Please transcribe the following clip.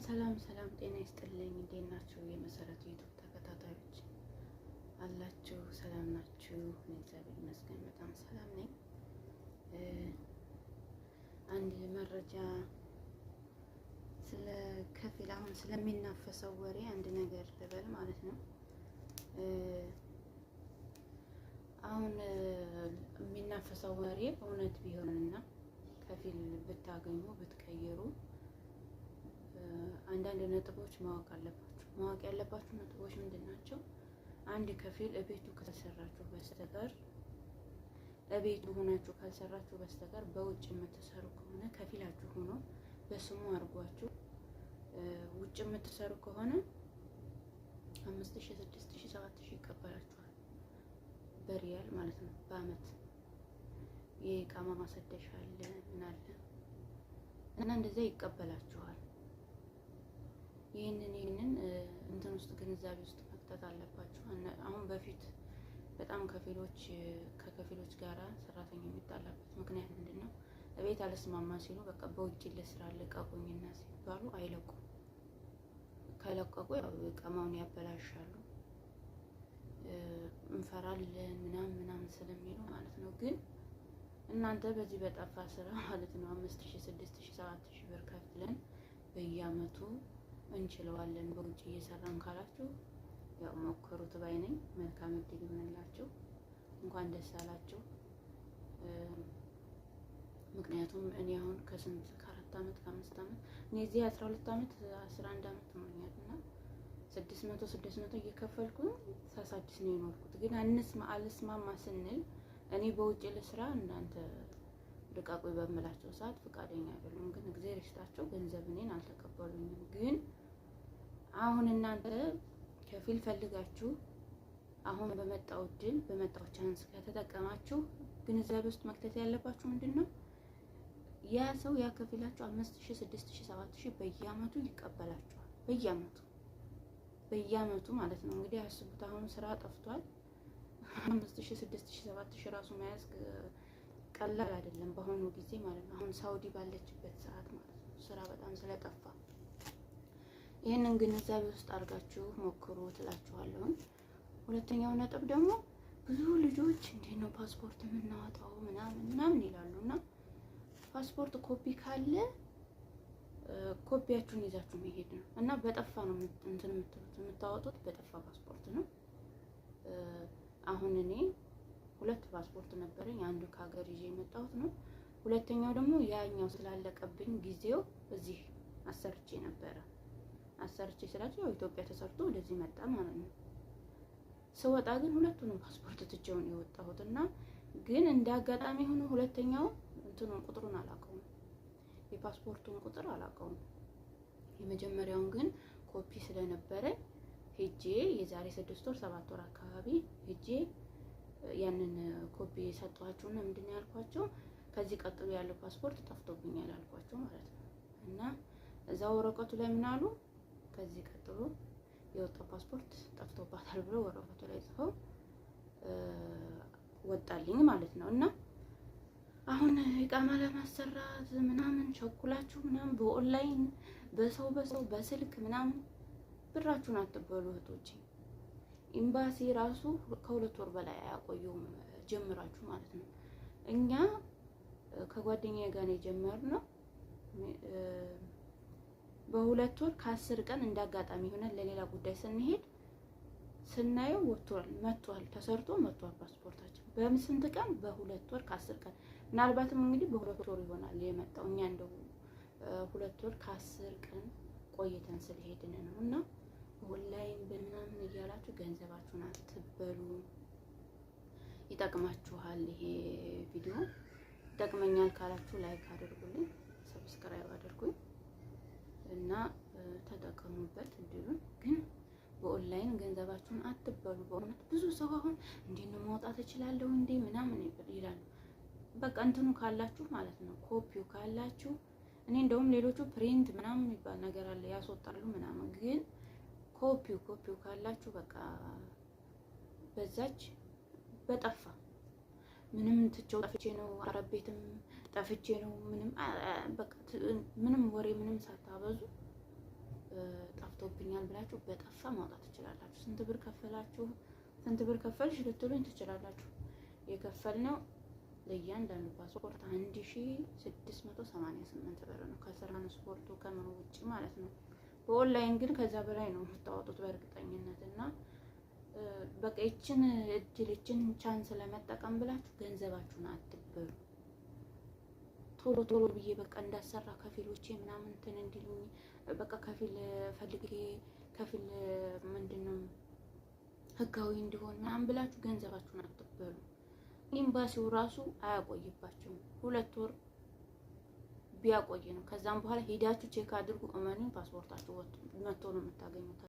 ሰላም ሰላም ሰላም፣ ጤና ይስጥልኝ። እንዴት ናችሁ? የመሰረቱ ዩቱብ ተከታታዮች አላችሁ? ሰላም ናችሁ? እግዚአብሔር ይመስገን በጣም ሰላም ነኝ። አንድ መረጃ ስለ ከፊል አሁን ስለሚናፈሰው ወሬ አንድ ነገር ልበል ማለት ነው። አሁን የሚናፈሰው ወሬ እውነት ቢሆንና ከፊል ብታገኙ ብትቀይሩ አንዳንድ ነጥቦች ማወቅ አለባችሁ። ማወቅ ያለባችሁ ነጥቦች ምንድን ናቸው? አንድ ከፊል እቤቱ ካልሰራችሁ በስተቀር እቤቱ ሆናችሁ ካልሰራችሁ በስተቀር በውጭ የምትሰሩ ከሆነ ከፊላችሁ ሆኖ በስሙ አድርጓችሁ ውጭ የምትሰሩ ከሆነ አምስት ሺ ስድስት ሺ ሰባት ሺ ይቀበላችኋል በሪያል ማለት ነው። በአመት የኢቃማ ማሰደሻ አለ ምናለ እና እንደዚያ ይቀበላችኋል። ይህንን ይህንን እንትን ውስጥ ግንዛቤ ውስጥ መክተት አለባችሁ። አሁን በፊት በጣም ከፊሎች ከከፊሎች ጋር ሰራተኛ የሚጣላበት ምክንያት ምንድን ነው? እቤት አልስማማ ሲሉ በቃ በውጭ ለስራ ልቀቁኝና ሲባሉ አይለቁም። ከለቀቁ ቀማውን ያበላሻሉ፣ እንፈራለን ምናምን ምናምን ስለሚሉ ማለት ነው። ግን እናንተ በዚህ በጠፋ ስራ ማለት ነው አምስት ሺ ስድስት ሺ ሰባት ሺ ብር ከፍለን በየአመቱ እንችለዋለን በውጭ እየሰራን ካላችሁ ያው ሞክሩት ባይ ነኝ። መልካም እድል ይሆንላችሁ። እንኳን ደስ አላችሁ። ምክንያቱም እኔ አሁን ከስንት ከአራት አመት ከአምስት አመት እኔ እዚህ አስራ ሁለት አመት አስራ አንድ አመት ሆኖኛል እና ስድስት መቶ ስድስት መቶ እየከፈልኩኝ ሳሳድስ ነው የኖርኩት። ግን አንስማ አልስማማ ስንል እኔ በውጭ ልስራ እናንተ ልቀቁ በምላቸው ሰዓት ፈቃደኛ አይደሉም። ግን እግዜር ይስጣቸው ገንዘብ እኔን አልተቀበሉኝም። ግን አሁን እናንተ ከፊል ፈልጋችሁ አሁን በመጣው እድል በመጣው ቻንስ ከተጠቀማችሁ ግንዛቤ ውስጥ መክተት ያለባችሁ ምንድን ነው ያ ሰው ያ ከፊላችሁ አምስት ሺ ስድስት ሺ ሰባት ሺ በየአመቱ ይቀበላችኋል። በየአመቱ በየአመቱ ማለት ነው እንግዲህ አስቡት። አሁን ስራ ጠፍቷል። አምስት ሺ ስድስት ሺ ሰባት ሺ ራሱ መያዝ ቀላል አይደለም በአሁኑ ጊዜ ማለት ነው። አሁን ሳውዲ ባለችበት ሰዓት ማለት ነው ስራ በጣም ስለጠፋ ይህንን ግንዛቤ ውስጥ አድርጋችሁ ሞክሩ ትላችኋለሁኝ። ሁለተኛው ነጥብ ደግሞ ብዙ ልጆች እንዴት ነው ፓስፖርት የምናወጣው ምናምን ምናምን ይላሉ እና ፓስፖርት ኮፒ ካለ ኮፒያችሁን ይዛችሁ መሄድ ነው እና በጠፋ ነው እንትን የምታወጡት፣ በጠፋ ፓስፖርት ነው አሁን እኔ ሁለት ፓስፖርት ነበረኝ። አንዱ ከሀገር ይዤ የመጣሁት ነው። ሁለተኛው ደግሞ ያኛው ስላለቀብኝ ጊዜው እዚህ አሰርቼ ነበረ። አሰርቼ ስላቸው ያው ኢትዮጵያ ተሰርቶ ወደዚህ መጣ ማለት ነው። ስወጣ ግን ሁለቱንም ፓስፖርት ትቼውን የወጣሁት እና ግን እንደ አጋጣሚ ሆኖ ሁለተኛው እንትኑን ቁጥሩን አላውቀውም፣ የፓስፖርቱን ቁጥር አላውቀውም። የመጀመሪያውን ግን ኮፒ ስለነበረ ሄጄ የዛሬ ስድስት ወር ሰባት ወር አካባቢ ሄጄ ያንን ኮፒ የሰጠኋቸውና ምንድን ነው ያልኳቸው ከዚህ ቀጥሎ ያለው ፓስፖርት ጠፍቶብኛል አልኳቸው ማለት ነው። እና እዛ ወረቀቱ ላይ ምን አሉ? ከዚህ ቀጥሎ የወጣው ፓስፖርት ጠፍቶባታል ብለው ወረቀቱ ላይ ጽፈው ወጣልኝ ማለት ነው። እና አሁን ኢቃማ ለማሰራት ምናምን ቸኩላችሁ ምናምን በኦንላይን በሰው በሰው በስልክ ምናምን ብራችሁን አትበሉ እህቶቼ። ኤምባሲ ራሱ ከሁለት ወር በላይ አያቆየውም ጀምራችሁ ማለት ነው። እኛ ከጓደኛዬ ጋር ነው የጀመርነው በሁለት ወር ከአስር ቀን እንዳጋጣሚ ሆነን ለሌላ ጉዳይ ስንሄድ ስናየው ወጥቷል፣ መጥቷል፣ ተሰርቶ መጥቷል ፓስፖርታችን። በስንት ቀን? በሁለት ወር ከአስር ቀን ምናልባትም እንግዲህ በሁለት ወር ይሆናል የመጣው። እኛ እንደው ሁለት ወር ከአስር ቀን ቆይተን ስለሄድን ነው እና ኦንላይን በምናምን እያላችሁ ገንዘባችሁን አትበሉ። ይጠቅማችኋል። ይሄ ቪዲዮ ይጠቅመኛል ካላችሁ ላይክ አድርጉልኝ፣ ሰብስክራይብ አድርጉኝ እና ተጠቀሙበት። እድሉን ግን በኦንላይን ገንዘባችሁን አትበሉ። በእውነት ብዙ ሰው አሁን እንዴት ነው ማውጣት እችላለሁ እንዴ ምናምን ይላሉ። በቃ እንትኑ ካላችሁ ማለት ነው ኮፒው ካላችሁ እኔ እንደውም ሌሎቹ ፕሪንት ምናምን የሚባል ነገር አለ ያስወጣሉ ምናምን ግን ኮፒው ኮፒው ካላችሁ በቃ በዛች በጠፋ ምንም ትቸው ጠፍቼ ነው አረብ ቤትም ጠፍቼ ነው ምንም በቃ ምንም ወሬ ምንም ሳታበዙ ጠፍቶብኛል ብላችሁ በጠፋ ማውጣት ትችላላችሁ። ስንት ብር ከፈላችሁ፣ ስንት ብር ከፈልሽ ልትሉኝ ትችላላችሁ። የከፈልነው ለእያንዳንዱ ፓስፖርት አንድ ሺ ስድስት መቶ ስምንት ብር ነው ከስራንስፖርቱ ከምን ውጭ ማለት ነው። በኦንላይን ግን ከዛ በላይ ነው የምታወጡት በእርግጠኝነት እና በቃ ይችን እድል ይችን ቻንስ ለመጠቀም ብላችሁ ገንዘባችሁን አትበሉ። ቶሎ ቶሎ ብዬ በቃ እንዳሰራ ከፊሎቼ ምናምን እንትን እንዲሉኝ በቃ ከፊል ፈልጌ ከፊል ምንድን ነው ህጋዊ እንዲሆን ምናምን ብላችሁ ገንዘባችሁን አትበሉ። ኤምባሲው ራሱ አያቆይባችሁም ሁለት ወር ቢያቆይ ነው። ከዛም በኋላ ሄዳችሁ ቼክ አድርጉ። እመኑኝ ፓስፖርታችሁ መጥቶ ነው የምታገኙት።